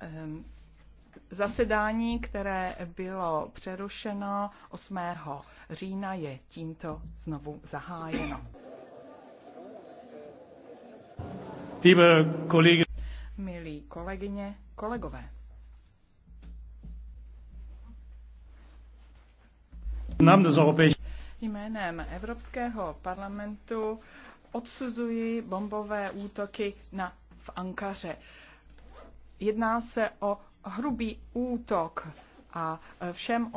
Ehm, zasedání, které bylo přerušeno 8. října, je tímto znovu zahájeno. Milí kolegyně, kolegové. Jménem Evropského parlamentu odsuzuji bombové útoky na, v Ankaře. Jedná se o hrubý útok a všem